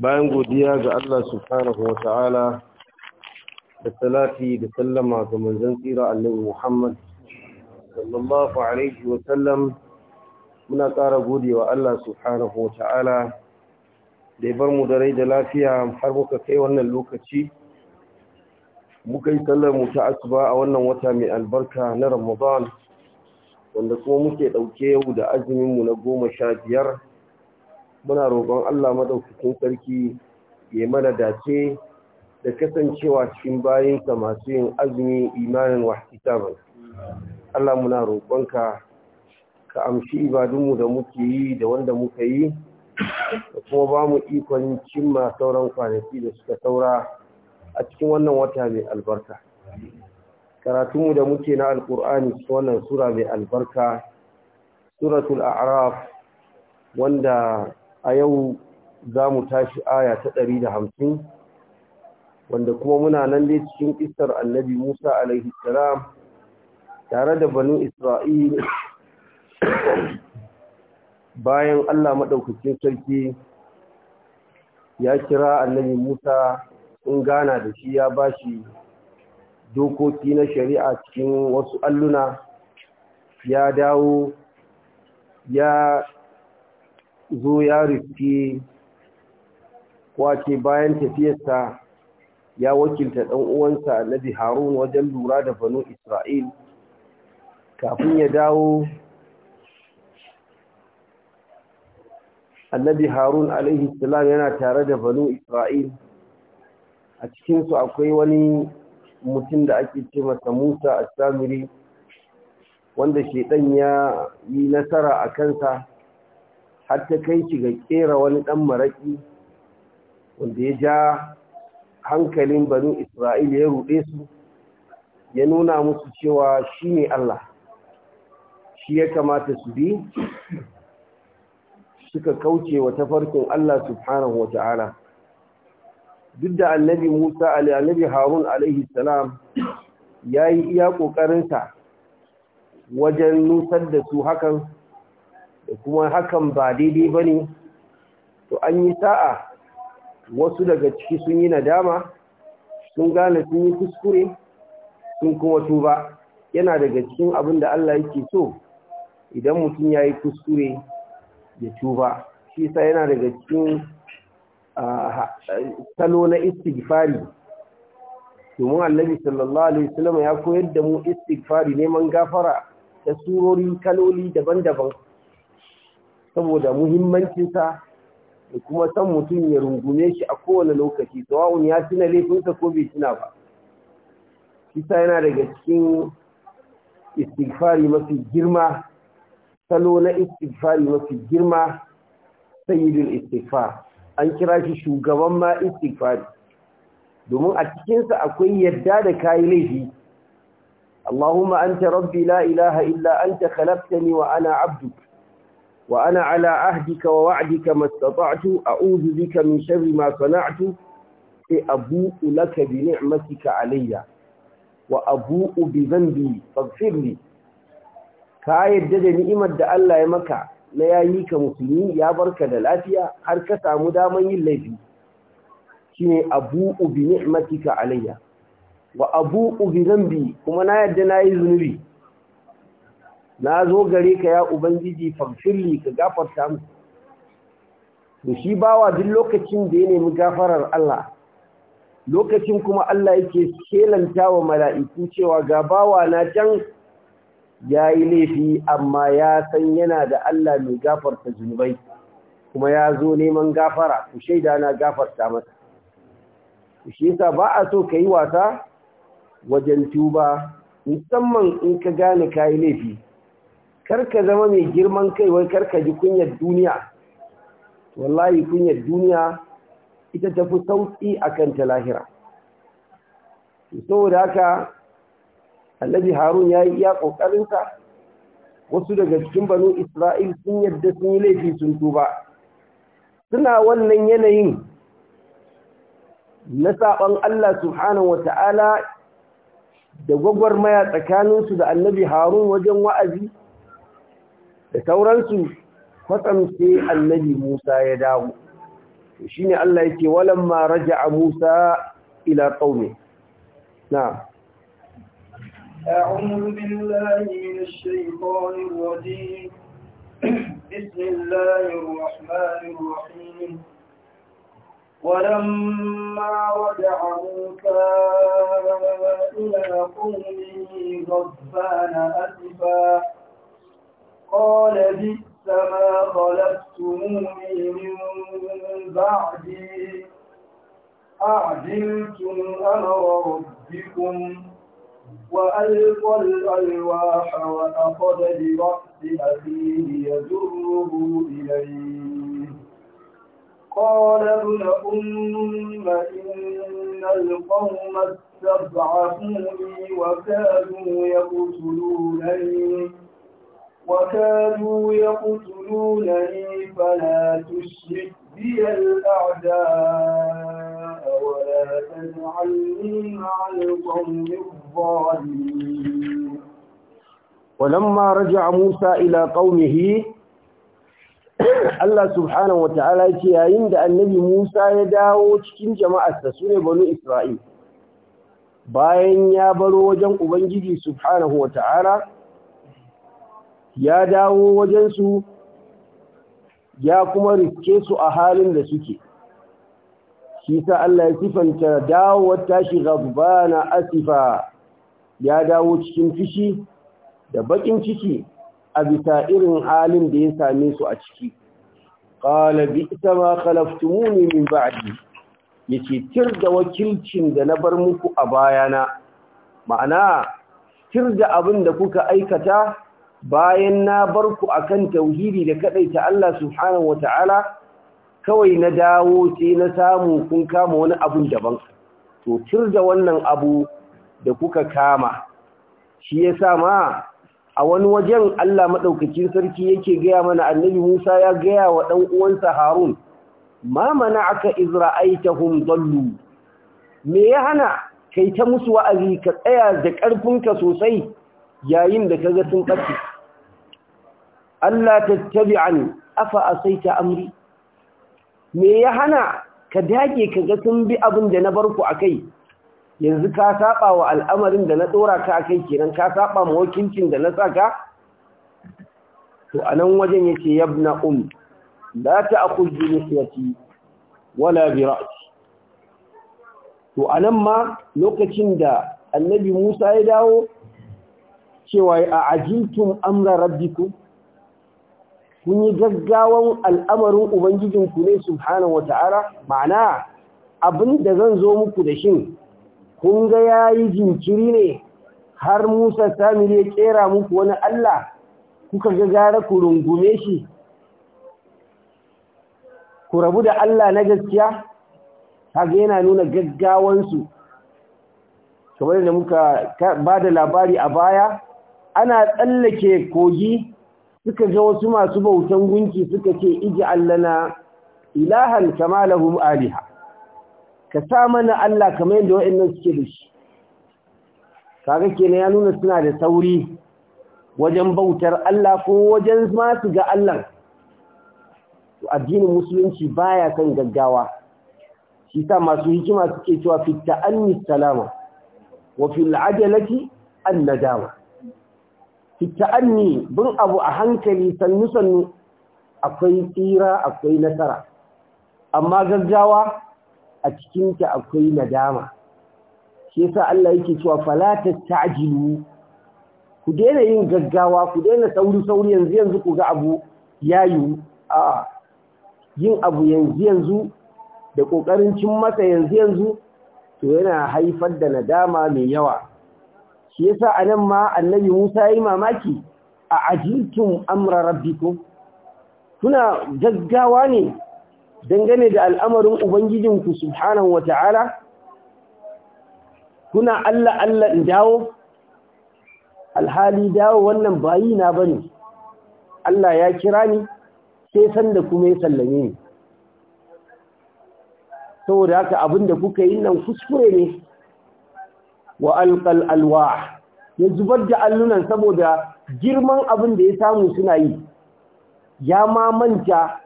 bayan godiya ga Allah subhanahu wa ta'ala da salati da sallama ga manzon tsira Annabi Muhammad sallallahu alaihi wa sallam muna ƙara wa Allah subhanahu wa ta'ala da ya bar mu da rai da lafiya har muka kai wannan lokaci muka yi sallar mu ta asuba a wannan wata mai albarka na Ramadan wanda kuma muke ɗauke yau da azumin mu na goma sha biyar muna roƙon Allah madaukakin sarki ya mana dace da kasancewa cikin ka masu yin azumi imanin wahtisaban Allah muna roƙon ka ka amshi ibadunmu da muke yi da wanda muka yi da kuma ba mu ikon cimma sauran kwanaki da suka saura a cikin wannan wata mai albarka karatunmu da muke na alkur'ani cikin wannan sura mai albarka suratul a'raf wanda a yau za mu tashi aya ta ɗari da hamsin, wanda kuma muna nan dai cikin isar annabi Musa alaihi salam tare da banu Isra'il bayan Allah maɗaukacin sarki ya kira annabi Musa in gana da shi ya bashi dokoki na shari'a cikin wasu alluna ya dawo ya zo ya rufi wace bayan tafiyarsa ya wakilta ɗan uwansa annabi harun wajen lura da banu isra'il kafin ya dawo annabi harun alaihi salam yana tare da banu isra'il a cikinsu akwai wani mutum da ake ce masa musa a samiri wanda shaidan ya yi nasara a kansa har ta kai shi ga kera wani ɗan maraƙi wanda ya ja hankalin banu isra'ila ya ruɗe su ya nuna musu cewa shi ne Allah shi ya kamata su bi suka kauce wa tafarkin Allah subhanahu wa ta'ala duk da annabi Musa annabi Harun alaihi salam yayi iya ƙoƙarinsa wajen nusar da su hakan da kuma hakan ba daidai ba ne to an yi sa'a wasu daga ciki sun yi nadama sun gane sun yi kuskure sun kuma tuba yana daga cikin abin da Allah yake so idan mutum ya yi kuskure ya tuba shi sa yana daga cikin salo na istighfari domin annabi sallallahu alaihi wasallam ya koyar da mu istighfari neman gafara da surori kaloli daban-daban saboda muhimmancinsa da kuma san mutum ya rungume shi a kowane lokaci sawa'un ya tuna laifinsa ko bai tuna ba kisa yana daga cikin istighfari mafi girma salo na istighfari mafi girma sayyidul istighfar an kira shi shugaban ma istighfari domin a cikinsa akwai yadda da kayi laifi Allahumma anta rabbi la ilaha illa anta khalaqtani wa ana abduka وأنا على عهدك ووعدك ما استطعت أعوذ بك من شر ما صنعت أبوء لك بنعمتك علي وأبوء بذنبي فاغفر لي كايد da ni'imar da Allah ya maka na yayi ka musulmi ya barka da lafiya har ka samu daman yin laifi shine abu'u bi ni'matika alayya wa abu'u bi dhanbi kuma na yadda nayi zunubi na zo gare ka ya ubangiji fagfirli ka gafarta mu to shi bawa duk lokacin da ya nemi gafarar Allah lokacin kuma Allah yake shelanta wa mala'iku cewa ga bawa na can ya yi laifi amma ya san yana da Allah mai gafarta zunubai kuma ya zo neman gafara ku shaida na gafarta masa shi yasa ba a so ka yi wasa wajen tuba musamman in ka gane ka yi laifi karka zama mai girman kai wai karka ji kunyar duniya wallahi kunyar duniya ita ta fi sauki a kan ta lahira saboda haka annabi harun ya yi iya ƙoƙarinsa wasu daga cikin banu isra'il sun yadda sun yi laifi sun tuba suna wannan yanayin na saɓon allah subhanahu wa ta'ala da gwagwarmaya tsakaninsu da annabi harun wajen wa'azi da sauransu kwatsam sai annabi Musa ya dawo Shin Allah yake raja a Musa ila qaumi na'am أعوذ بالله من الشيطان الرجيم بسم الله الرحمن الرحيم ولما رجع موسى إلى قومه غضبان أسفا قال بئس ما خلفتموني من بعدي أعجلتم أمر ربكم وألقى الألواح وأخذ برأس أخيه يجره إليه قال ابن أم إن القوم استضعفوني وكادوا يقتلونني وكانوا يقتلونني فلا تشرك بي الأعداء ولا تجعلني مع القوم الظالمين ولما رجع موسى إلى قومه Allah subhanahu wa ta’ala ce yayin da annabi Musa ya dawo cikin jama'arsa su ne banu Isra'il bayan ya baro wajen Ubangiji subhanahu wa ta’ala, ya dawo wajensu ya kuma riske su a halin da suke shi sa Allah ya sifanta dawo wata shi na asifa ya dawo cikin fishi da bakin ciki a bisa irin halin da ya same su a ciki Ƙalabi ita ma khalaftumuni min ba'di yake tir da wakilcin da na bar muku a bayana ma'ana tir da abin da kuka aikata bayan na bar ku akan tauhidi da ta Allah subhanahu wataala kawai na dawo ce na samu kun kama wani abun daban to tur da wannan abu da kuka kama shi yasa ma a wani wajen Allah madaukakin sarki yake gaya mana annabi Musa ya gaya wa dan uwansa Harun ma mana'aka izra'aitahum dallu me ya hana kai ta musu wa'azi ka tsaya da ƙarfinka sosai yayin da kaga sun ɓace Allah tattabi'ani afa asaita amri me ya hana ka dage ka ga sun bi abin da na barku akai yanzu ka saba wa al'amarin da na dora ka akai kenan ka saba ma wakincin da na saka to anan wajen yake yabna um la ta'khudh bi nisyati wala bi ra'si to anan ma lokacin da annabi Musa ya dawo cewa a ajiltum amra rabbikum kun yi gaggawan al'amarin ubangijinku ne subhanahu ta'ara? ma'ana abin da zan zo muku da shin kun ga ya yi jinkiri ne har Musa Samir ya kera muku wani Allah kuka ga gara ku rungume shi ku rabu da Allah na gaskiya ga yana nuna gaggawansu kamar da muka ba da labari a baya ana tsallake kogi suka ga wasu masu bautan gunki suka ce iji allana ilahan kama aliha ka sa mana Allah kamar yadda wa'annan suke da shi kaga kenan ya nuna suna da sauri wajen bautar Allah ko wajen ma su ga Allah addinin musulunci baya kan gaggawa shi sa masu hikima suke cewa fi ta'anni salama wa fi ajalati an nadama anni bin abu a hankali sannu-sannu akwai tsira akwai nasara amma gaggawa a cikinta akwai nadama shi yasa Allah yake cewa fala ta'jilu ku daina yin gaggawa ku daina sauri sauri yanzu yanzu ku ga abu yayu a yin abu yanzu yanzu da kokarin cin masa yanzu yanzu to yana haifar da nadama mai yawa shi yasa anan ma annabi Musa yi mamaki a ajiltum amra rabbikum kuna gaggawa ne dangane da al'amarin ubangijinku subhanahu wata'ala kuna Allah Allah in dawo alhali dawo wannan bayi na bane Allah ya kira ni sai sanda kuma ya sallame ni saboda haka abinda kuka yi nan kuskure ne wa alqal alwah ya zubar da allunan saboda girman abin da ya samu suna yi ya ma manta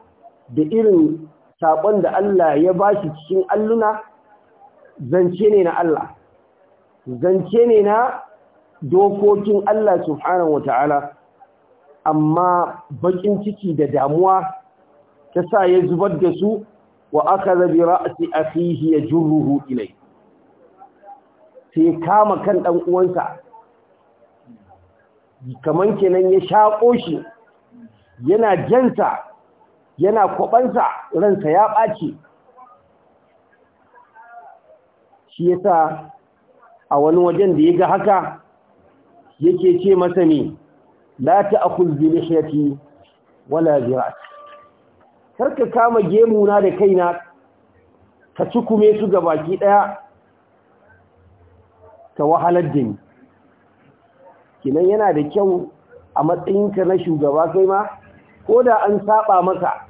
da irin saƙon da Allah ya ba shi cikin alluna zance ne na Allah zance ne na dokokin Allah subhanahu Ta'ala, amma baƙin ciki da damuwa ta sa ya zubar da su wa aka zabi ra'asi a fihi ya ilai sai kama kan ɗan uwansa kaman kenan ya shaƙo shi yana jansa yana kwabansa ransa ya ɓaci shi yasa a wani wajen da ya ga haka yake ce masa ne la ta'khul bi lihyati wala zira'ati karka kama gemu na da kaina ka ci kume su baki ɗaya. ta wahalar da ni kinan yana da kyau a matsayinka na shugaba kai ma ko da an saba maka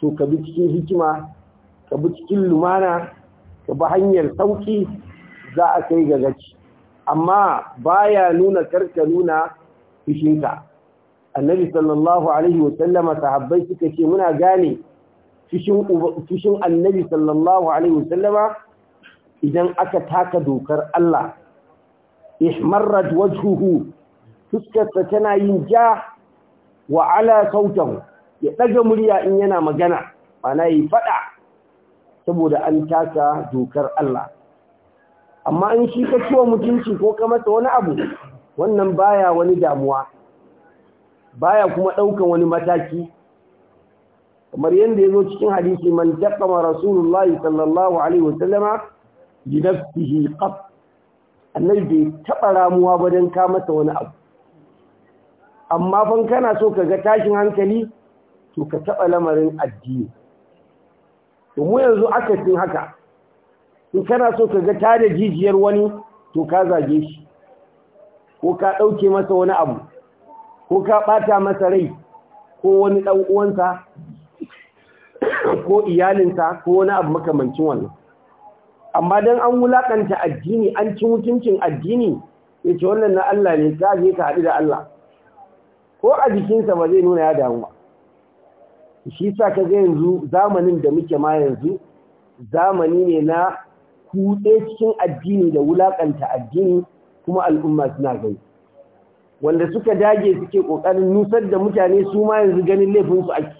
to ka bi cikin hikima ka bi cikin lumana ka bi hanyar sauki za a kai ga gaci amma baya nuna karka nuna fishinka annabi sallallahu alaihi wa sallama sahabbai suka ce muna gane fishin fishin annabi sallallahu alaihi wa sallama idan aka taka dokar Allah ihmarrat wajhuhu fuskarsa tana yin ja wa ala sautahu ya daga murya in yana magana ana yi fada saboda an taka dokar Allah amma in shi ka ciwo mutunci ko ka masa wani abu wannan baya wani damuwa baya kuma daukan wani mataki kamar yadda ya zo cikin hadisi man taqama rasulullahi sallallahu alaihi wasallama bi nafsihi qat annabi bai taɓa ramuwa ba don ka masa wani abu amma fa kana so ka ga tashin hankali to ka taɓa lamarin addini to mu yanzu aka cin haka in kana so ka ga tada jijiyar wani to ka zage shi ko ka ɗauke masa wani abu ko ka ɓata masa rai ko wani ɗan uwansa ko iyalinsa ko wani abu makamancin wannan amma dan an wulakanta addini an ci mutuncin addini yace wannan na Allah ne ta je ka haɗu da Allah ko a jikinsa ba zai nuna ya damu ba shi sa ka ga yanzu zamanin da muke ma yanzu zamani ne na kuɗe cikin addini da wulakanta addini kuma al'umma suna gani wanda suka dage suke kokarin nusar da mutane su ma yanzu ganin laifinsu su ake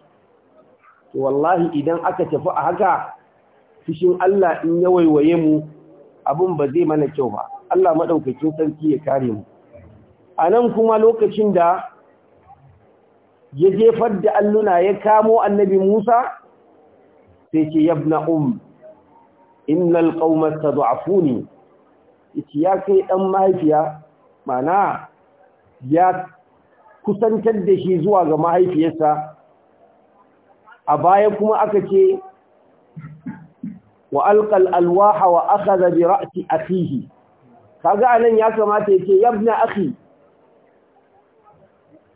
wallahi idan aka tafi a haka fushin Allah in ya waiwaye mu abin ba zai mana kyau ba Allah maɗaukacin sarki ya kare mu a nan kuma lokacin da ya jefar da alluna ya kamo annabi Musa sai ce yabna um innal qauma tad'afuni yace ya kai dan mahaifiya mana ya kusantar da shi zuwa ga mahaifiyarsa a baya kuma aka ce wa alqal alwaha wa akhadha bi ra'si akhihi kaga anan ya kamata yake yabna akhi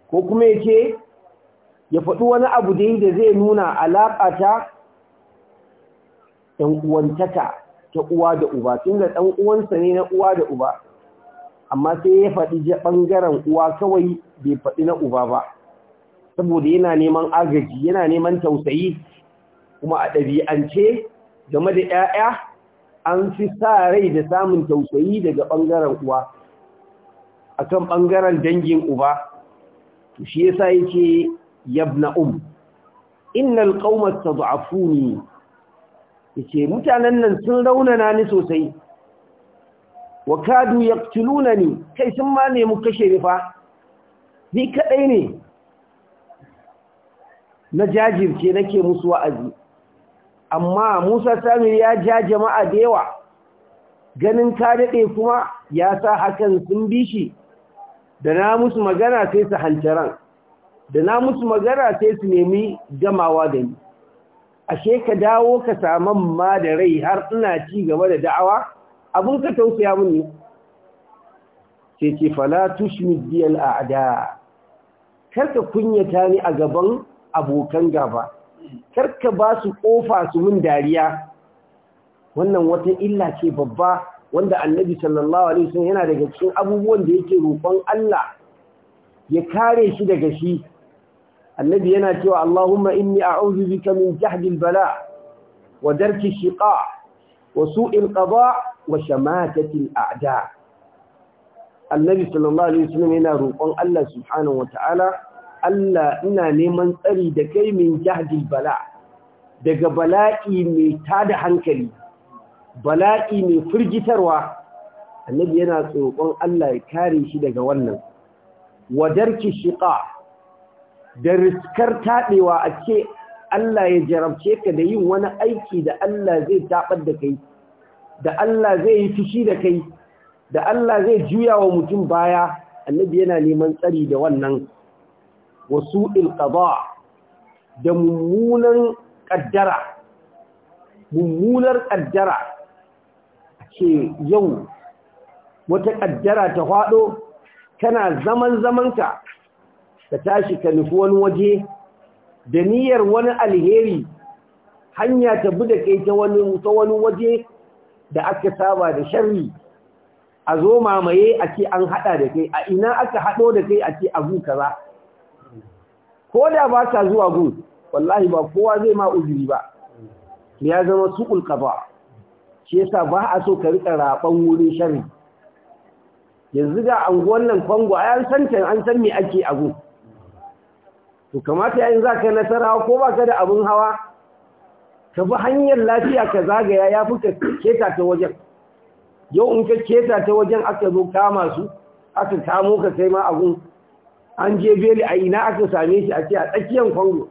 ko kuma yake ya faɗi wani abu da da zai nuna alaƙa ta ɗan uwantaka ta uwa da uba tunda ɗan uwansa ne na uwa da uba amma sai ya faɗi ɓangaren uwa kawai bai faɗi na uba ba saboda yana neman agaji yana neman tausayi kuma a ɗabi'ance game da 'ya'ya an fi sa rai da samun tausayi daga ɓangaren uwa akan ɓangaren dangin uba shi yasa yake yabna um innal ne. tad'afuni yace mutanen nan sun raunana ni sosai wa kadu yaqtulunani kai sun ma ne mu kashe ni fa ni kadai ne na jajirce nake musu wa'azi amma Musa Samir ya ja jama'a da yawa ganin ka dade kuma ya sa hakan sun bi shi da na musu magana sai su hantaran da na musu magana sai su nemi gamawa da ni ashe ka dawo ka saman ma da rai har ina ci gaba da da'awa abun ka tausaya mun sai ce fala tushmid biyal a'da Kar ka kunyata ni a gaban abokan gaba karka ba su ƙofa su min dariya wannan wata illa ce babba wanda annabi sallallahu alaihi wasallam yana daga cikin abubuwan da yake roƙon Allah ya kare shi daga shi annabi yana cewa Allahumma inni a'udhu bika min jahdi al-bala wa darki shiqa wa su'i al-qada wa shamatati al-a'da annabi sallallahu alaihi wasallam yana roƙon Allah subhanahu wataala Allah ina neman tsari da kai min jahdil bala daga bala'i mai tada hankali bala'i mai firgitarwa annabi yana tsokon Allah ya kare shi daga wannan wadarki shiqa da riskar tadewa a ce Allah ya jarabce ka da yin wani aiki da Allah zai tabar da kai da Allah zai yi fushi da kai da Allah zai juya wa mutum baya annabi yana neman tsari da wannan Wasu su'il da mummunan ƙaddara mummunar ƙaddara ke yau wata ƙaddara ta faɗo tana zaman zamanka ka tashi ka nufi wani waje da niyyar wani alheri hanya ta da kai ta wani waje da aka saba da sharri a zo mamaye a ce an haɗa da kai a ina aka haɗo da kai a ce abu kaza ko da ba ta zuwa gun wallahi ba kowa zai ma uzuri ba ya zama suƙul ƙafa, shi yasa ba a so ka rika raɓan wurin sharri yanzu ga anguwan nan fango a san an san me ake a gun to kamata yayin za ka nasara ko ba ka da abin hawa ka bi hanyar lafiya ka zagaya ya fi keta ta wajen yau in ka keta ta wajen aka zo kama su aka kamo ka kai ma a an je beli a ina aka same shi a ce a tsakiyar kwango?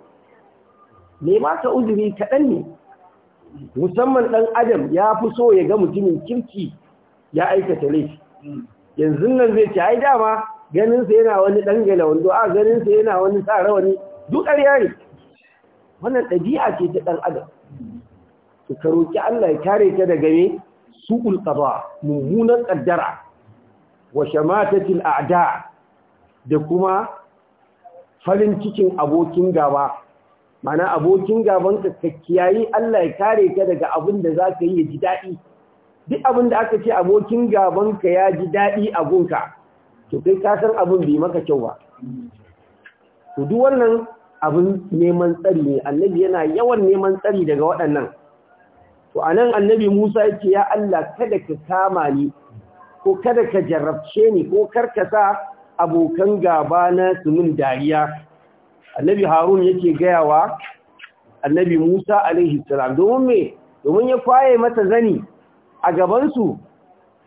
ne ba ka uzuri kaɗan ne musamman ɗan adam ya fi so ya ga mutumin kirki ya aikata laifi yanzu nan zai ce ai dama ganinsa yana wani ɗan gala wando a ganinsa yana wani sa rawani duk ƙarya ne wannan ɗabi'a ce ta ɗan adam ka roƙi Allah ya kare ka daga ne su'ul qada mummunan qaddara wa shamatatil a'da da kuma farin cikin abokin gaba mana abokin gaban ka kakkiyayi Allah ya kare ka daga abin da za ka yi ya ji daɗi duk abin da aka ce abokin gaban ka ya ji daɗi a to kai ka san abin bai maka kyau ba to duk wannan abin neman tsari ne annabi yana yawan neman tsari daga waɗannan to anan annabi Musa yake ya Allah kada ka kama ni ko kada ka jarrabce ni ko karkasa abokan gaba na su dariya annabi harun yake gayawa annabi musa alaihi salam domin me domin ya kwaye mata zani a gabansu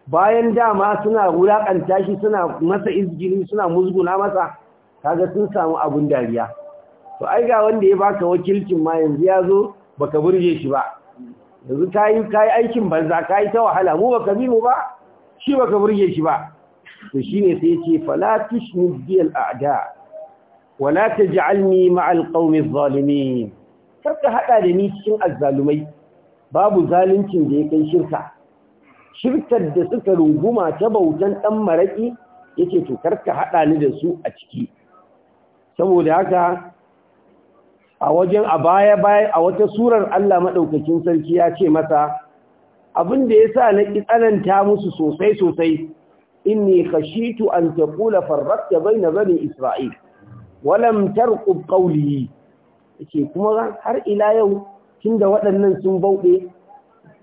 bayan dama suna wulakanta shi suna masa izgini suna musguna masa kaga sun samu abun dariya to ai ga wanda ya baka wakilcin ma yanzu ya zo baka burge shi ba yanzu ka yi aikin banza ka yi ta wahala mu baka bi mu ba shi baka burge shi ba to shine sai yace fala tushni bi al a'da wala taj'alni ma al qawmi adh-dhalimin karka hada da ni cikin azzalumai babu zaluncin da ya kai shirka shirkar da suka runguma ta bautan dan maraki yace to karka hada ni da su a ciki saboda haka a wajen a baya baya a wata surar Allah madaukakin sarki ya ce masa abin da yasa na ki tsananta musu sosai sosai inni khashitu an taqula farraqta baina bani isra'il wa lam tarqub qawli yace kuma har ila yau tunda waɗannan sun bauɗe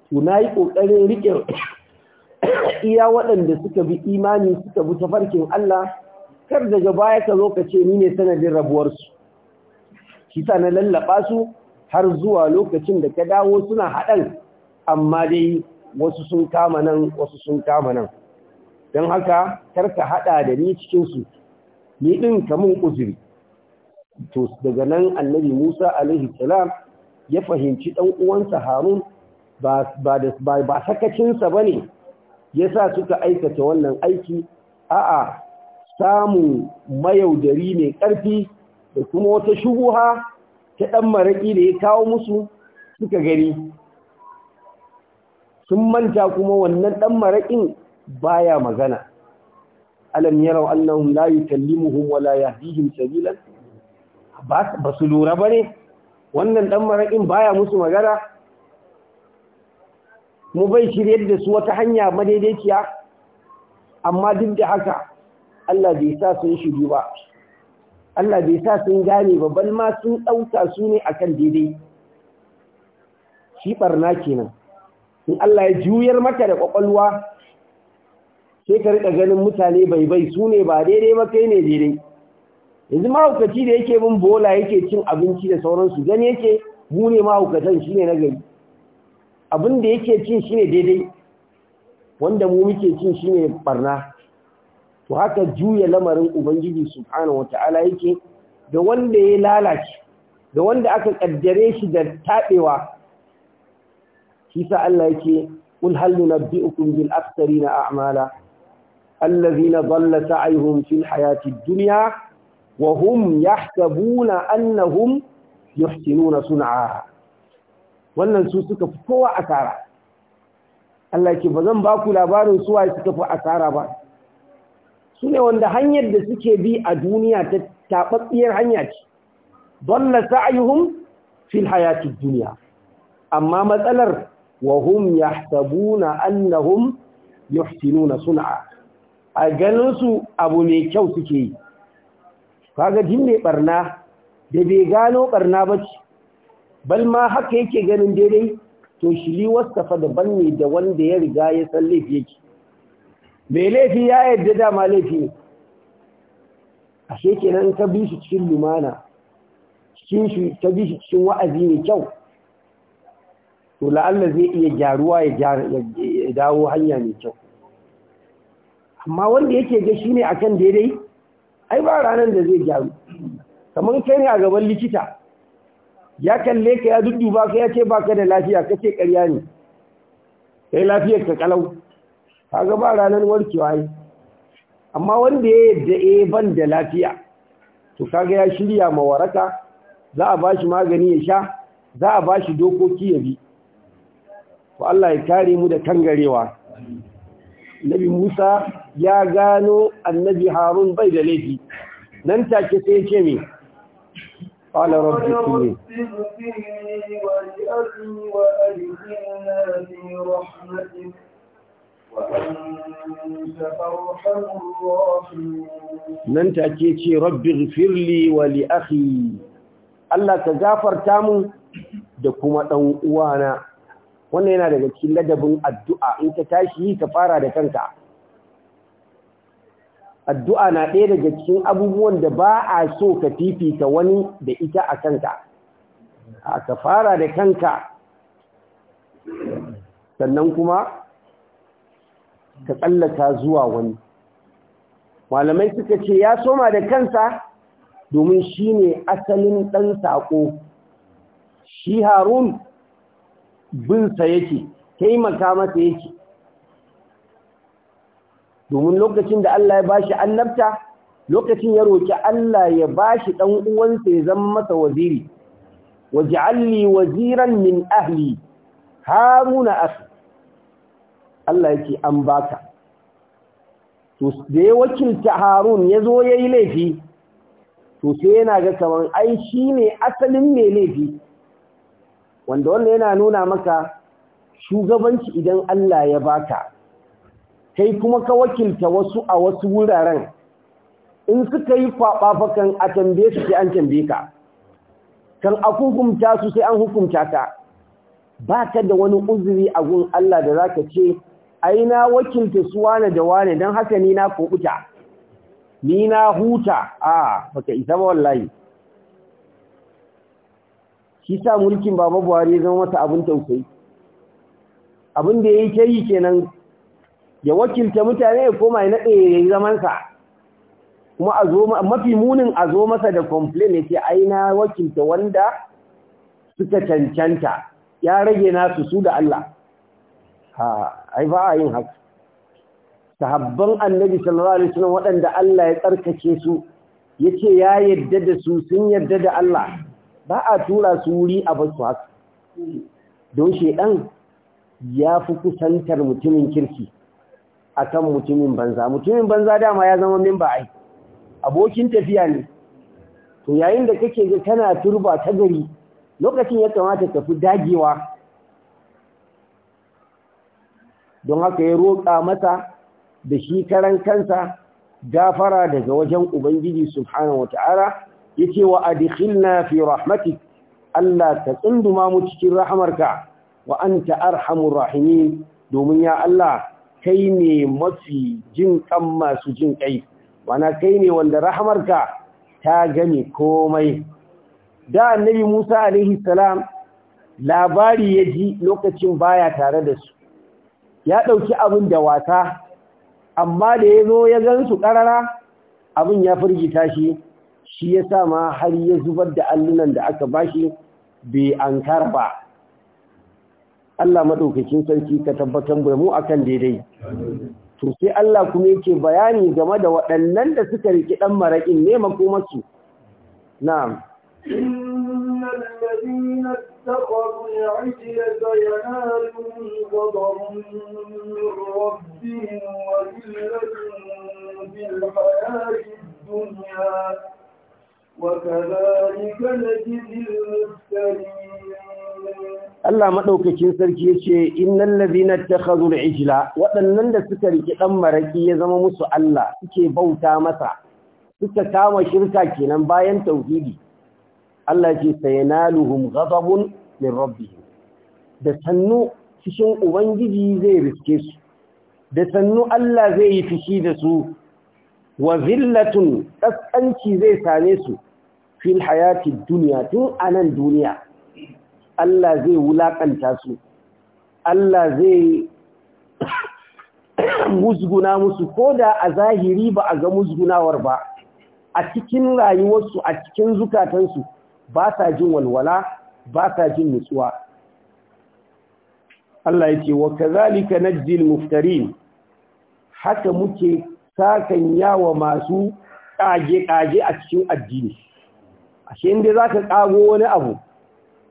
to nayi kokarin rike iya waɗanda suka bi imani suka bi tafarkin Allah kar daga baya ka zo ka ce ni ne sanadin rabuwarsu Kisa na lallaba su har zuwa lokacin da ka dawo suna haɗan amma dai wasu sun kama nan wasu sun kama nan don haka kar ka haɗa da ni cikin su ni ɗin kamun uzuri to daga nan annabi musa alaihi salam ya fahimci ɗan uwansa harun ba sakacinsa ba ne ya sa suka aikata wannan aiki a'a samun mayaudari mai ƙarfi da kuma wata shubuha ta ɗan maraƙi da ya kawo musu suka gani sun manta kuma wannan ɗan maraƙin baya magana alam yarau annahum la yukallimuhum wa la yahdihim sabilan ba su lura bane wannan dan marakin baya musu magana mu bai shiryar da su wata hanya madaidaiciya amma duk da haka Allah bai sa sun shiru ba Allah bai sa sun gane bal ma sun ɗauka su ne akan daidai shi barna kenan in Allah ya juyar mata da kwakwalwa sai ka rika ganin mutane bai bai su ne ba daidai ba kai ne daidai yanzu mahaukaci da yake bin bola yake cin abinci da sauransu gani yake mu ne mahaukatan shi ne na abin da yake cin shi ne daidai wanda mu muke cin shi ne barna to haka juya lamarin ubangiji subhanahu wata'ala yake da wanda ya lalace da wanda aka kaddare shi da tabewa shi sa Allah yake kul hal nunabbi'ukum aftari na allazina dhalla sa'yuhum fil hayati dunya wa hum yahsabuna annahum yuhsinuna sun'a wannan su suka fi kowa asara Allah ke ba zan ba ku labarin suwaye suka fi asara ba su ne wanda hanyar da suke bi a duniya ta taɓaɓɓiyar hanya ce dalla sa'ayuhum fil hayatid duniya, amma matsalar wa hum yahsabuna annahum yuhsinuna suna'a. a ganinsu abu mai kyau suke yi kaga mai barna da bai gano barna ba ce bal ma haka yake ganin daidai to shiri wasafa daban ne da wanda ya riga ya san laifi yake mai laifi ya yadda dama laifi ne ashe kenan ka bi shi cikin lumana cikin ka bi shi cikin wa'azi mai kyau to la'alla zai iya gyaruwa ya dawo hanya mai kyau amma wanda yake ga shi ne a kan daidai ai ba ranar da zai gyaru kamar kai ne a gaban likita ya kalle ka ya dudduba ka ya ce ba ka da lafiya ka ce ƙarya ne kai lafiyar ka kalau kaga ba ranar warkewa ne amma wanda ya da e eh, ban da lafiya to kaga ya shirya ma waraka za a ba shi magani ya sha za a ba shi dokoki ya bi to Allah ya kare mu da kangarewa Nabi Musa ya gano annabi Harun bai da laifi nan take sai ce me قال rabbi اغفر لي nan take ce rabbi firli wa li akhi Allah ka gafarta mun da kuma dan uwana wannan yana daga cikin ladabin addu'a in ka tashi yi ka fara da kanka addu'a na ɗaya daga cikin abubuwan da ba a so ka fifita wani da ita a kanka a ka fara da kanka sannan kuma ka tsallaka zuwa wani malamai suka ce ya soma da kansa domin shi ne asalin ɗan saƙo shi harun binsa yake taimaka masa yake domin lokacin da Allah ya bashi annabta lokacin ya roki Allah ya bashi dan uwansa ya zama masa waziri waj'alni waziran min ahli haruna akhi Allah yake an baka to da ya wakilta harun ya zo ya laifi to sai yana ga kamar ai shine asalin mai laifi wanda wannan yana nuna maka shugabanci idan Allah ya baka kai kuma ka wakilta wasu a wasu wuraren in suka yi faɓafakan a tambaye su sai an tambaye ka kan a hukumta su sai an hukumta ka ba ka da wani uzuri a gun Allah da za ka ce ai na wakilta su wane da wane dan haka ni na kuɓuta ni na huta a baka isa ba wallahi shi sa mulkin baba buhari ya zama mata abin tausayi abin da ya yi ta yi kenan ya wakilta mutane ya koma ya naɗe ya yi zamansa kuma a zo mafi munin a zo masa da complain ya ce aina wakilta wanda suka cancanta ya rage nasu su da Allah ha ai ba a yin haka sahabban annabi sallallahu alaihi wasallam waɗanda Allah ya tsarkake su yace ya yadda da su sun yadda da Allah ba a tura su wuri a basu haka don shedan ya fi kusantar mutumin kirki akan mutumin banza mutumin banza dama ya zama memba ai abokin tafiya ne to yayin da kake ga kana turba ta gari lokacin ya kamata ka fi dagewa don haka ya roƙa mata da shi karan kansa gafara daga wajen ubangiji subhanahu ta'ala yace wa adkhilna fi rahmatik Allah ta tsunduma mu cikin ka wa anta arhamur rahimin domin ya Allah kai ne mafi jin kan masu jin kai wana kai ne wanda rahmarka ta gani komai da annabi Musa alaihi salam labari ya ji lokacin baya tare da su ya ɗauki abin da wasa amma da ya zo ya gansu ƙarara abin ya firgita shi shi ya sa ma har ya zubar da allunan da aka bashi bai ankara ba Allah maɗaukakin sarki ka tabbatar da mu akan daidai to sai Allah kuma yake bayani game da waɗannan da suka riƙi ɗan maraƙin ne makomarsu na'am الذين Allah maɗaukacin sarki ya ce, Innan lazina ta da ijila, waɗannan da suka riƙi ɗan maraƙi ya zama musu Allah suke bauta masa, suka kama shirka kenan bayan tauhidi. Allah ce, Sayanaluhum gazabun min rabbi. Da sannu fishin Ubangiji zai riske su, da sannu Allah zai yi fishi da su, wa zillatun ƙasƙanci zai same su, fil hayati duniya tun anan nan duniya Allah zai wulakanta su Allah zai musguna musu ko da a zahiri ba a ga musgunawar ba a cikin rayuwarsu a cikin zukatansu ba sa jin walwala ba sa jin nutsuwa Allah ya ce wa kazalika najzil muftarin haka muke sakan yawa masu kage kage a cikin addini ashe inda za ka ƙago wani abu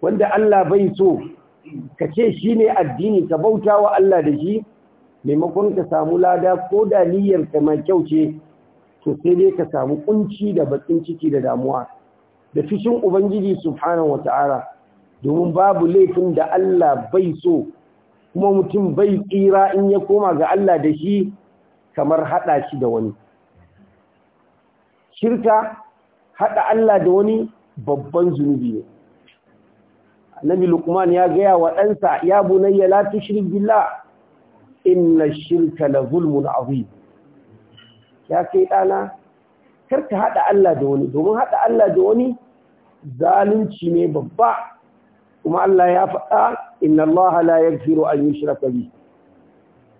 wanda Allah bai so ka ce shi ne addini ka bauta wa Allah da shi maimakon ka samu lada ko daliyar ka mai kyau ce to sai dai ka samu kunci da bakin ciki da damuwa da fishin ubangiji subhanahu wata'ala domin babu laifin da Allah bai so kuma mutum bai tsira in ya koma ga Allah da shi kamar haɗa shi da wani shirka haɗa Allah da wani babban zunubi ne annabi lukman ya gaya wa ɗansa ya bunayya la tushrik billah inna shirka la zulmun azim ya kai ɗana kar ka haɗa Allah da wani domin haɗa Allah da wani zalunci ne babba kuma Allah ya faɗa inna Allah la yaghfiru an yushraka bihi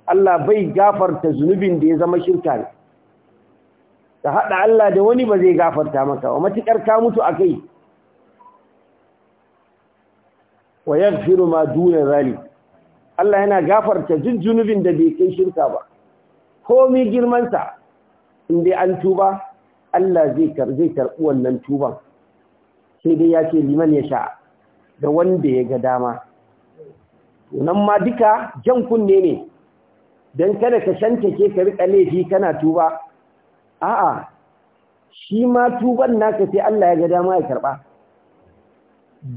Allah bai gafarta zunubin da ya zama shirka ne ka haɗa Allah da wani ba zai gafarta maka wa matuƙar ka mutu a kai wa firu ma duna Allah yana gafarta jin junubin da bai kai shirka ba komi girman sa dai an tuba Allah zai karbi wannan tuban sai dai ya ce liman ya sha da wanda ya ga dama nan ma duka jan kunne ne don kada ka shantake ka riƙa laifi kana tuba a'a shi ma tuban naka sai Allah ya ga dama ya karba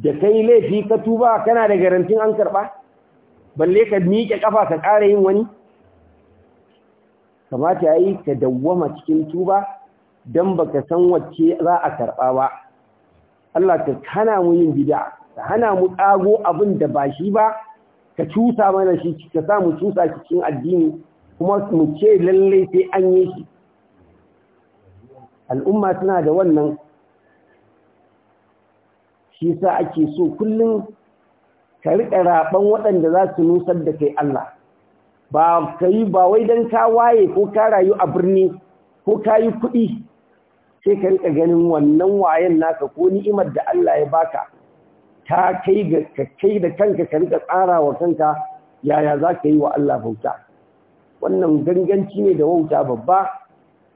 da kai laifi ka tuba kana da garantin an karɓa? balle ka miƙe ƙafa ka ƙara yin wani kamata yayi ka dawwama cikin tuba dan baka san wacce za a karɓa ba Allah ka hana mu yin bid'a ka hana mu tsago abin da ba shi ba ka cusa mana shi ka sa mu cusa cikin addini kuma mu ce lallai sai an yi shi al'umma tana da wannan shi sa ake so kullum ka riƙa raɓan waɗanda za su nusar da kai Allah ba ka yi ba wai don ka waye ko ka rayu a birni ko ka yi kuɗi sai ka riƙa ganin wannan wayen naka ko ni'imar da Allah ya baka ta kai ga kai da kanka ka riƙa tsara wa kanka yaya za ka yi wa Allah bauta wannan ganganci ne da wauta babba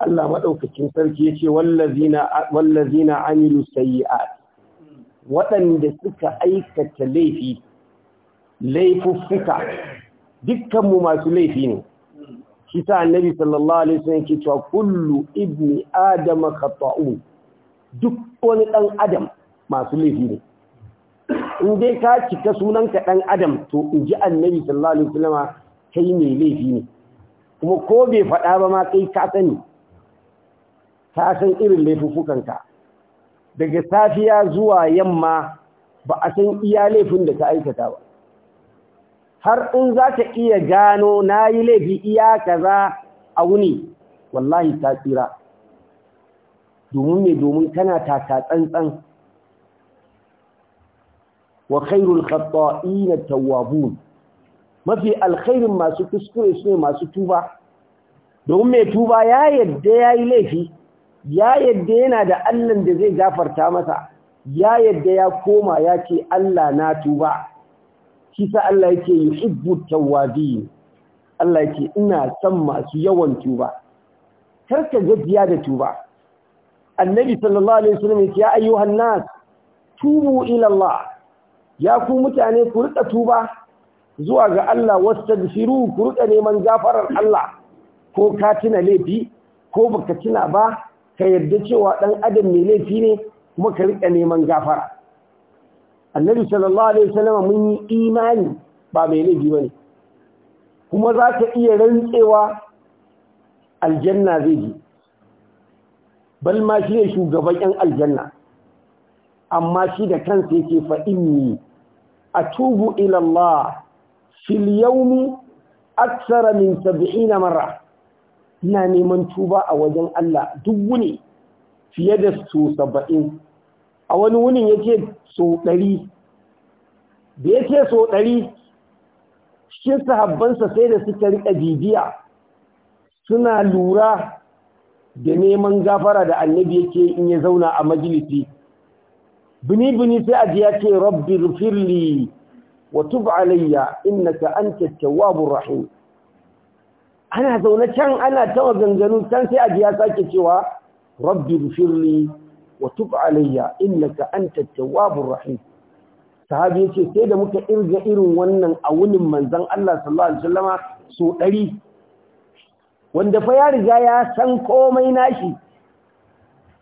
Allah maɗaukacin sarki ya ce wallazina amilu sayi'at waɗanda suka aikata laifi laifuffuka dukkanmu masu laifi ne shi ta annabi sallallahu alaihi wasallam yake cewa kullu ibni adama khata'un duk wani dan adam masu laifi ne in dai ka cika sunanka dan adam to in ji annabi sallallahu alaihi wasallama kai ne laifi ne kuma ko bai faɗa ba ma kai ka sani ta san irin ka. daga safiya zuwa yamma ba a san iya laifin da ta aikata ba har in za ta iya gano na yi laifi iya kaza a wuni wallahi ta tsira domin ne domin tana taka tsantsan wa khairul khatta'ina tawwabun mafi alkhairin masu kuskure su ne masu tuba domin mai tuba ya yadda ya yi laifi ya yadda yana da Allahn da zai gafarta masa ya yadda ya koma ya ce Allah na tuba shi sa Allah yake yi yuhibbu wazi, Allah yake ina son masu yawan tuba kar gajiya da tuba annabi sallallahu alaihi wasallam yake ya ayyu nas tubu ilallah ya ku mutane ku rika tuba zuwa ga Allah wasu wastaghfiru ku rika neman gafarar Allah ko ka tuna laifi ko baka tuna ba ka yarda cewa ɗan adam mai laifi ne kuma ka riƙa neman gafara annabi sallallahu alaihi wasallam mun yi imani ba mai laifi bane kuma za ka iya rantsewa aljanna zai ji, bal ma shi ne shugaban yan aljanna amma shi da kansa yake fa inni atubu ila Allah fil yawmi akthara min 70 marra ina neman tuba a wajen Allah duk wuni fiye da su saba'in a wani wunin ya ce so ɗari da ya ce so ɗari cikin sahabbansa sai da suka riƙa bibiya suna lura da neman gafara da annabi yake in ya zauna a majalisi bini-bini sai aji ya ce rabbi rufirli wa tuba alayya innaka anta tawwabur rahim ana zaune can ana ta maganganu can sai aji ya sake cewa rabbi firli wa tub alayya innaka anta tawwabur rahim sahabi yace sai da muka irga irin wannan a wunin manzon Allah sallallahu alaihi wasallama so wanda fa ya riga ya san komai nashi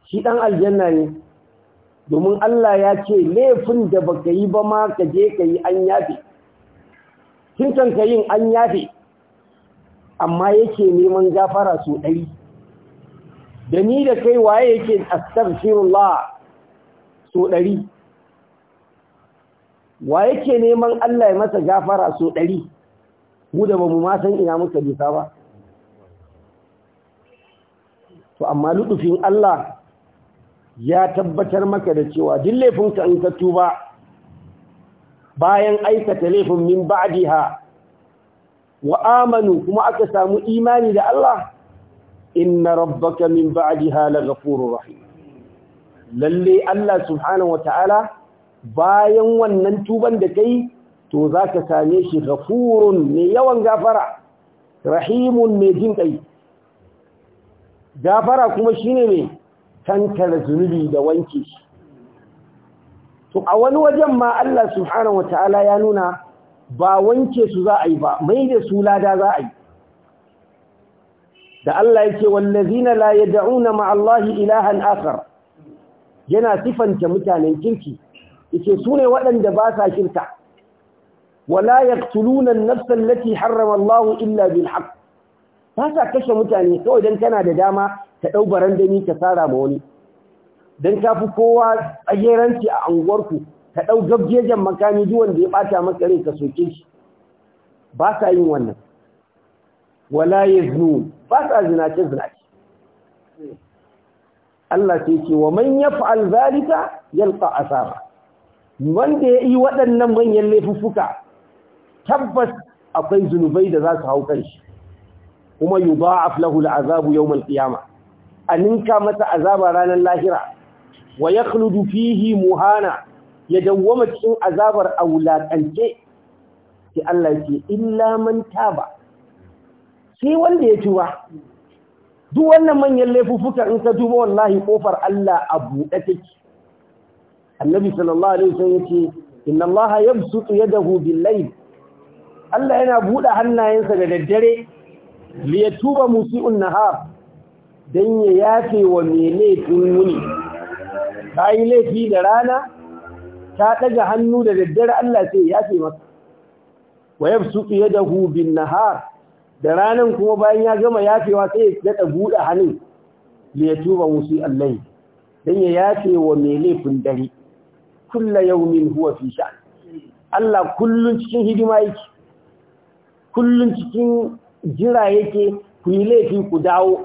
shi ɗan aljanna ne domin Allah ya ce laifin da baka yi ba ma ka je an yafe kin an yafe amma yake neman gafara su ɗari da ni da kai waye yake astaghfirullah su ɗari wa yake neman Allah ya masa gafara su ɗari mu da ba mu ma ina muka bisa ba to amma ludufin Allah ya tabbatar maka da cewa duk laifinka in ka tuba bayan aikata laifin min ba'diha wa amanu kuma aka samu imani da Allah inna rabbaka min ba'daha laghafurur rahim lalle Allah subhanahu ta'ala bayan wannan tuban da kai to zaka same shi ghafurun mai yawan gafara rahimun mai jin kai gafara kuma shine mai kankara zunubi da wanke shi to a wani wajen ma Allah subhanahu ta'ala ya nuna ba wanke su za a yi ba mai da su lada za a yi da Allah yake wallazina la yad'una ma'allahi ilahan akhar yana sifanta mutanen kirki yake sune waɗanda ba sa shirka wala yaqtuluna an-nafs allati harrama Allah illa bil haqq ba sa kashe mutane kawai dan kana da dama ka dau barandami ka sara ma wani dan fi kowa tsageranci a anguwarku ka ɗau gabjejen makami duk wanda ya ɓata maka rai ka soke shi ba sa yin wannan wala ya zinu. ba sa zinace zinace Allah sai ce wa man yaf'al zalika yalqa asaba wanda ya yi waɗannan manyan laifuffuka tabbas akwai zunubai da za su hau kan shi. kuma yudha'af lahu al'azabu yawm al A ninka masa azaba ranar lahira wa yakhludu fihi muhana ya dawwama cikin azabar a wulaƙance sai Allah ce illa man ba. sai wanda ya tuba duk wannan manyan laifuffuka in ka tuba wallahi kofar Allah a buɗe take annabi sallallahu alaihi wasallam yace inna Allah yabsutu yadahu bil layl Allah yana buɗe hannayensa da daddare li yatuba musi'un nahar dan ya yafe wa mai laifin wuni kai laifi da rana ta ɗaga hannu da daddare Allah ce ya ce masa wa yabsutu yadahu bin nahar da ranan kuma bayan ya gama yafewa sai ya da buɗe hannun li yatuba musi allai dan ya yafe wa mai laifin dare kulla yawmin huwa fi sha'n Allah kullun cikin hidima yake kullun cikin jira yake ku yi laifi ku dawo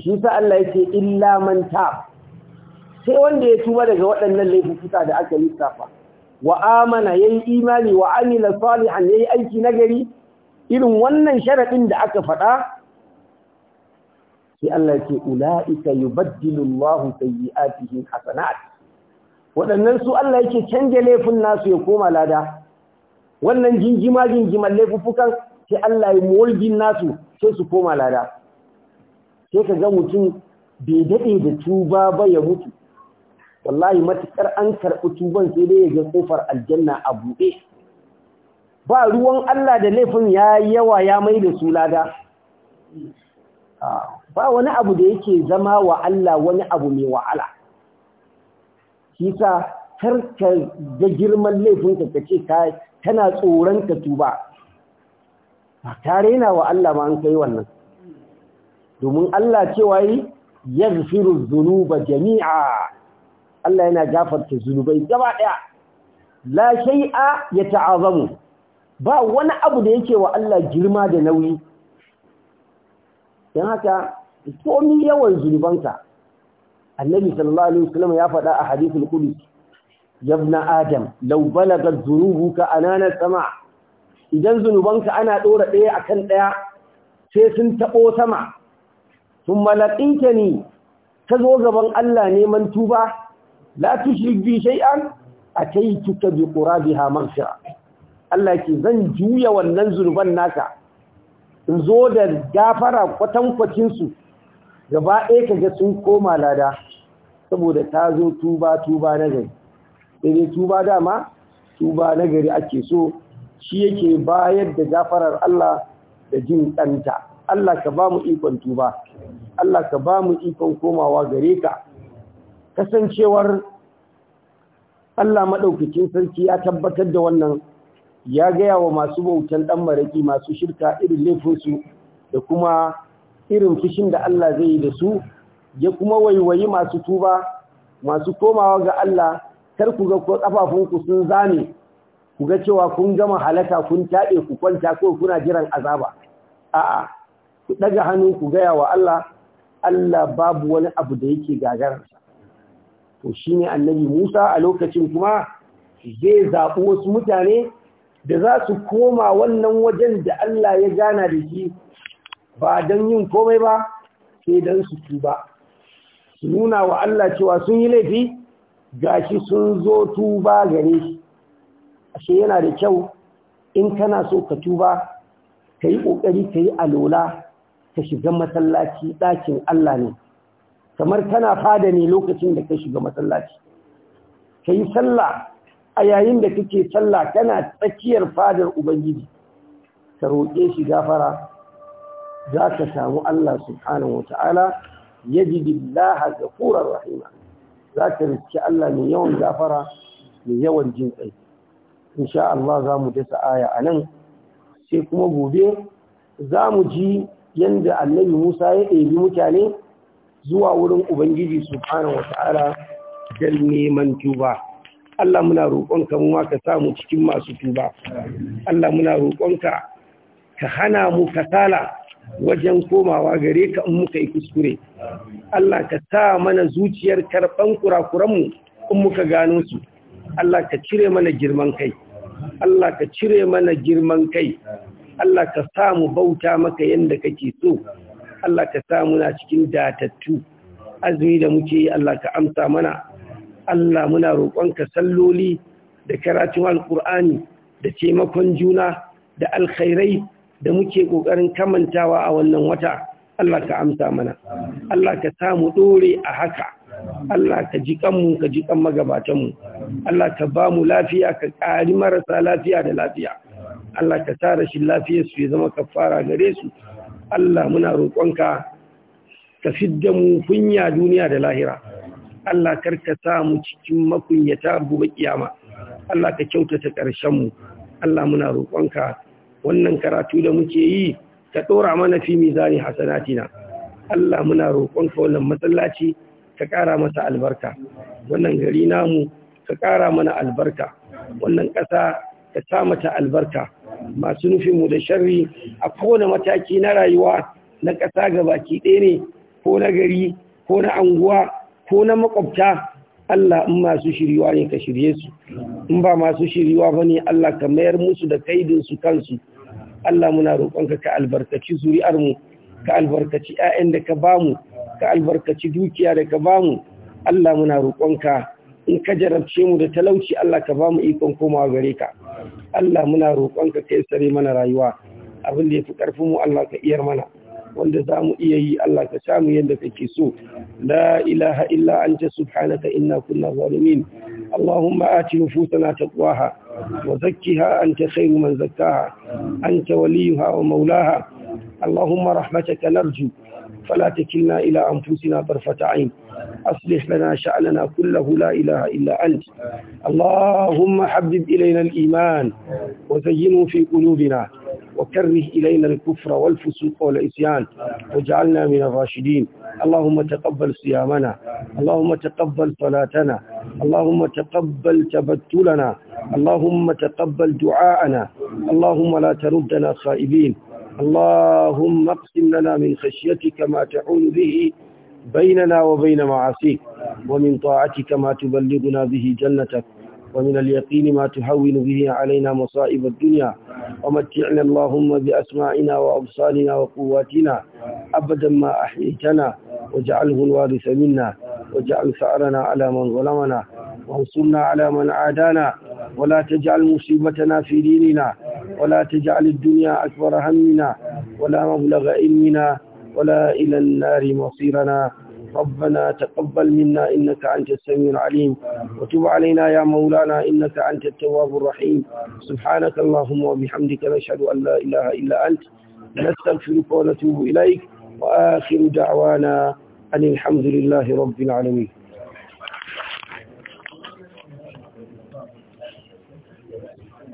shi sa Allah yake illa man ta sai wanda ya tuba daga waɗannan laifuka da aka lissafa wa amana yayi imani wa amila salihan yayi aiki na gari irin wannan sharadin da aka faɗa sai Allah ce ula'ika yubaddilu Allahu hasanat waɗannan su Allah yake canje laifin nasu ya koma lada wannan jinjima jinjiman laifukan sai Allah ya mulgin nasu sai su koma lada sai ka ga mutum bai dade da tuba ba ya mutu wallahi matukar an karɓi tuban sai dai ya ga kofar aljanna a buɗe ba ruwan Allah da laifin ya yawa ya mai da su lada ba wani abu da yake zama wa Allah wani abu mai wahala shi sa kar ka ga girman laifinka ka ce ka tana tsoron ka tuba ba tare na wa Allah ma an kai wannan domin Allah cewa yi yaghfiru dhunuba jami'a Allah yana gafarta zunubai gaba ɗaya. la shay'a yata'azamu ba wani abu da yake wa Allah girma da nauyi dan haka komi yawan zunubanka annabi sallallahu alaihi wasallam ya faɗa a hadithul qudsi yabna adam law balaga dhunubuka anana sama idan zunubanka ana dora ɗaya akan ɗaya, sai sun tabo sama thumma laqitani ka zo gaban Allah neman tuba la tushrik bi shay'an ataituka bi qurabiha mansha Allah ke zan juya wannan zunuban naka in zo da gafara kwatankwacin su gaba ɗaya kaga sun koma lada saboda ta zo tuba tuba na gari sai dai tuba dama tuba na gari ake so shi yake bayar da gafarar Allah da jin ɗanta Allah ka ba mu ikon tuba Allah ka ba mu ikon komawa gare ka kasancewar Allah maɗaukacin sarki ya tabbatar da wannan ya gaya wa masu bautan ɗan maraƙi masu shirka irin laifinsu da kuma irin fushin da Allah zai yi da su ya kuma waiwayi masu tuba masu komawa ga Allah kar ku ga ƙafafunku sun zane ku ga cewa kun gama halaka kun taɓe ku kwanta ko kuna jiran azaba a'a ku ɗaga hannu ku gaya wa Allah Allah babu wani abu da yake gagararsa to ne annabi Musa a lokacin kuma zai zaɓi wasu mutane da za su koma wannan wajen da Allah ya gana da shi ba don yin komai ba sai don su ba. su nuna wa Allah cewa sun yi laifi Ga shi sun zo tuba gare shi ashe yana da kyau in kana so ka tuba ka yi ƙoƙari ka yi alola ka shiga masallaci ɗakin Allah ne kamar kana fada ne lokacin da ka shiga masallaci ka yi sallah a yayin da kake sallah kana tsakiyar fadar ubangiji ka roƙe shi gafara za ka samu Allah subhanahu wata'ala ya ji billaha ga furar rahima za ka riski Allah mai yawan gafara mai yawan jin tsaye insha Allah za mu dasa aya a nan sai kuma gobe za mu ji yadda annabi musa ya ɗebi mutane zuwa wurin ubangiji subhanahu wata'ala dan neman tuba Allah muna roƙonka mu ka samu cikin masu tuba Allah muna roƙonka ka hana mu kasala wajen komawa gare ka in muka yi kuskure Allah ka sa mana zuciyar karɓan kurakuranmu in muka gano su Allah ka cire mana girman kai Allah ka cire mana girman kai Allah ka sa mu bauta maka yadda kake so Allah ka sa muna cikin datattu azumi da muke yi Allah ka amsa mana Allah muna roƙonka salloli da karatun alƙur'ani da taimakon juna da alkhairai da muke ƙoƙarin kamantawa a wannan wata Allah ka amsa mana Allah ka mu ɗore a haka Allah ka ji kanmu ka ji kan magabatanmu Allah ka ba mu lafiya ka ƙari marasa lafiya da lafiya Allah ka sa rashin lafiyarsu ya zama kafara gare su Allah muna roƙonka ka fidda mu kunya duniya da lahira Allah karka sa mu cikin makunyata gobe kiyama Allah ka kyautata ƙarshen mu Allah muna roƙonka wannan karatu da muke yi ka ɗora mana fi mizani hasanatina Allah muna roƙonka wannan masallaci ka ƙara masa albarka wannan gari namu ka ƙara mana albarka wannan ƙasa ka sa mata albarka masu nufin mu da sharri a kowane mataki na rayuwa na ƙasa ga baki ɗaya ne ko na gari ko na anguwa ko na makwabta Allah in masu shiriwa ne ka shirye su in ba masu shiriwa ba ne Allah ka mayar musu da kaidinsu kansu Allah muna roƙonka ka albarkaci zuri'armu ka albarkaci 'ya'yan da ka bamu ka albarkaci dukiya da ka bamu Allah muna roƙonka in ka jarabce mu da talauci Allah ka ba mu ikon komawa gare ka Allah muna ka kai sare mana rayuwa abin da ya fi ƙarfin mu Allah ka iyar mana wanda za mu iya yi Allah ka samu yadda kake so la ilaha illa anta subhanaka inna kunna zalimin allahumma ati nufusana taqwaha wa zakkiha anta khayru man zakkaha anta waliyuha wa maulaha allahumma rahmataka narju فلا تكلنا إلى أنفسنا طرفة عين أصلح لنا شأننا كله لا إله إلا أنت اللهم حبب إلينا الإيمان وزينه في قلوبنا وكره إلينا الكفر والفسوق والعصيان واجعلنا من الراشدين اللهم تقبل صيامنا اللهم تقبل صلاتنا اللهم تقبل تبتلنا اللهم تقبل دعاءنا اللهم لا تردنا خائبين اللهم اقسم لنا من خشيتك ما تحول به بيننا وبين معاصيك ومن طاعتك ما تبلغنا به جنتك ومن اليقين ما تهون به علينا مصائب الدنيا ومتعنا اللهم بأسماعنا وأبصارنا وقواتنا أبدا ما أحييتنا واجعله الوارث منا واجعل ثأرنا على من ظلمنا وانصرنا على من عادانا ولا تجعل مصيبتنا في ديننا ولا تجعل الدنيا أكبر همنا ولا مبلغ علمنا ولا إلى النار مصيرنا ربنا تقبل منا إنك أنت السميع العليم وتب علينا يا مولانا إنك أنت التواب الرحيم سبحانك اللهم وبحمدك نشهد أن لا إله إلا أنت نستغفرك ونتوب إليك وآخر دعوانا أن الحمد لله رب العالمين